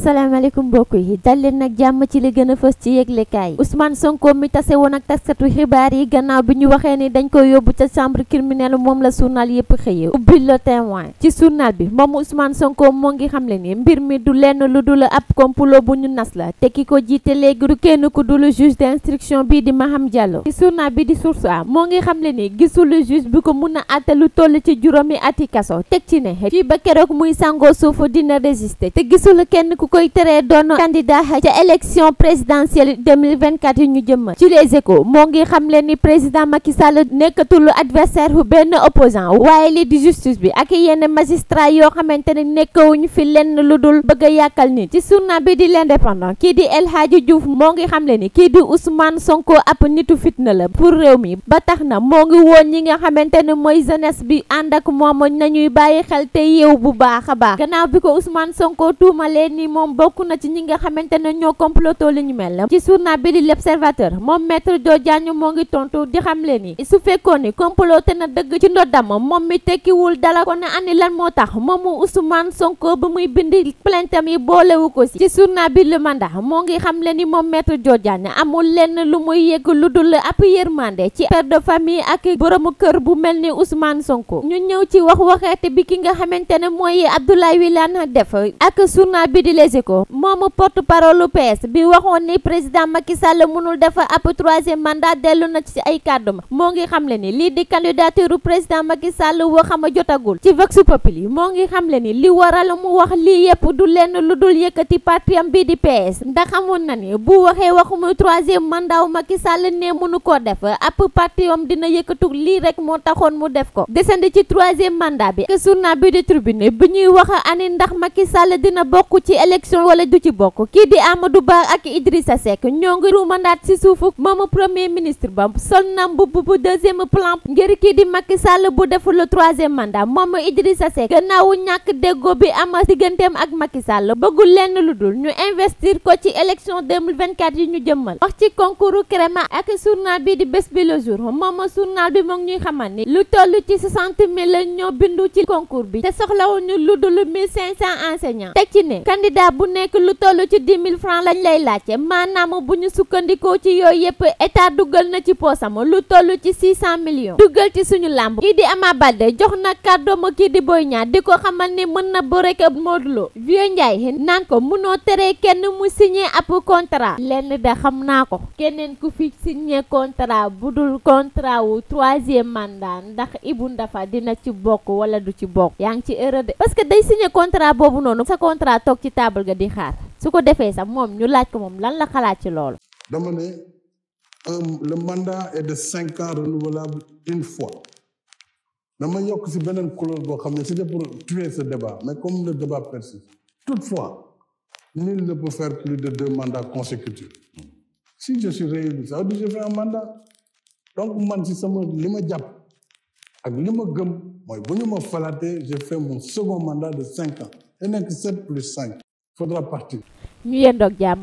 asalaamaaleykum mbokk yi dal leen nag jàmm ci li gën a fës ci yëglekaay yi Ousmane Sonko mi tase woon ak taskatu xibaar yi gannaaw bi ñu waxee ni dañ koy yóbbu ca chambre criminelle moom la journal yëpp xëyee ubbi le témoin ci journal bi moom Ousmane Sonko moo ngi xam le ni mbir mi du lenn lu dul ab complot bu ñu nas la te ki ko jiite léegi du kenn ku dul juge d'instruction bii di Maham Diallo ci journal bi di Source A moo ngi xam le ni gisul juge bi ko mun a àtte lu toll ci juróomi ati kaso teg ci ne fii ba keroog muy sangoo suufu dina résister te gisul kenn ku koy teree doon candidat ca élection présidentielle 2024 yu ñu jëmmal ci les échos moo ngi xam leen ni président Macky Sall nekkatul adversaire bu benn opposant waaye lii di justice bi ak yenn magistrat yoo xamante ne fi lenn lu dul bëgg a yàkkal ci journal bi di l'indépendant kii di El Hadji Diouf moo ngi xam leen ni kii di Ousmane Sonko ab nitu fitna la pour réew mi ba tax na moo ngi woon ñi nga xamante ne mooy jeunesse bi ànd ak moom nañuy bàyyi xel te yeew bu baax a baax gannaaw bi ko Ousmane Sonko tuumalee ni moom bokk na ci ñi nga xamante ne ñoo complotoo li ñu mel ci journal bi di l'Observateur moom maître Dio Diagne moo ngi tontu di xam leen ni su fekkoon ni comploté na dëgg ci ndoddam moom mi tekkiwul dala ko ne ani lan moo tax moomu Ousmane Sonko ba muy bind plaintam yi boolewu ko ci journal bi Le Mandat moo ngi xam le ni moom maître Dio Diagne amul lenn lu muy yëg lu dul ab yërmande ci père de famille ak boroomu kër bu mel ni Ousmane Sonko ñu ñëw ci wax waxeete bi ki nga xamante ne mooy Abdoulaye Wilane def ak journal les échos moomu porte parole lu PS bi waxoon ni président Macky Sall mënul dafa ab troisième mandat dellu na ci ay kàddum moo ngi xam xamle ni lii di candidature président Macky Sall a jotagul ci vox populi moo ngi xam le ni li waral mu wax lii yépp du lenn lu dul yëkkati parti am bii di PS ndax xamoon na ni bu waxee waxumu troisième mandat wu Macky Sall ne mënu koo def ab parti dina yëkkatu lii rek moo taxoon mu def ko desandi ci troisième mandat bi journal bi di tribune bi ñuy Sall dina bokk ci élection wala du ci bokk ki di Amadou Ba ak Idrissa Seck ñoo ngi ru mandat ci suufu momo premier ministre ba sol nam bu bu deuxième plan ngir ki di Macky Sall bu def le troisième mandat momo Idrissa Seck gannaaw ñak deggo bi am digganteem ak Macky Sall bëggul lenn lu dul ñu investir ko ci élection 2024 yi ñu jëmmal wax ci concours créma ak journal bi di bes bi le jour momo journal bi ngi ñuy xamal ni lu tollu ci 60 000 ñoo bindu ci concours bi te soxlawuñu lu dul 1500 enseignants tek ci ne candidat candidat bu nekk lu toll ci 10 000 francs lañ lay laajte maanaam bu ñu sukkandikoo ci yooyu yëpp état dugal na ci poosam lu toll ci 600 millions dugal ci suñu làmb kii di Ama Baldé jox na kàddoom kii di Boy Niang di ko xamal ni mën na bëre ak Modou Lo Vieux naan ko munoo tere kenn mu signé ab contrat lenn de xam naa ko keneen ku fi signé contrat bu dul contrat wu troisième mandat ndax Ibou Ndafa dina ci bokk wala du ci bokk yaa ngi ci erreur di ñu ko lan la xalaat ci dama euh, le mandat est de 5 ans renouvelable une fois dama yokk si beneen couleur boo c'était pour tuer ce débat mais comme le débat persiste toutefois nul ne peut faire plus de deux mandats consécutifs si je suis réélu ça veut dire que je fais un mandat donc man si sama li ma ak li gëm mooy bu ñu je fais mon second mandat de 5 ans nx nekk sept plus 5 faudra partir. ñu yendoog jàmm.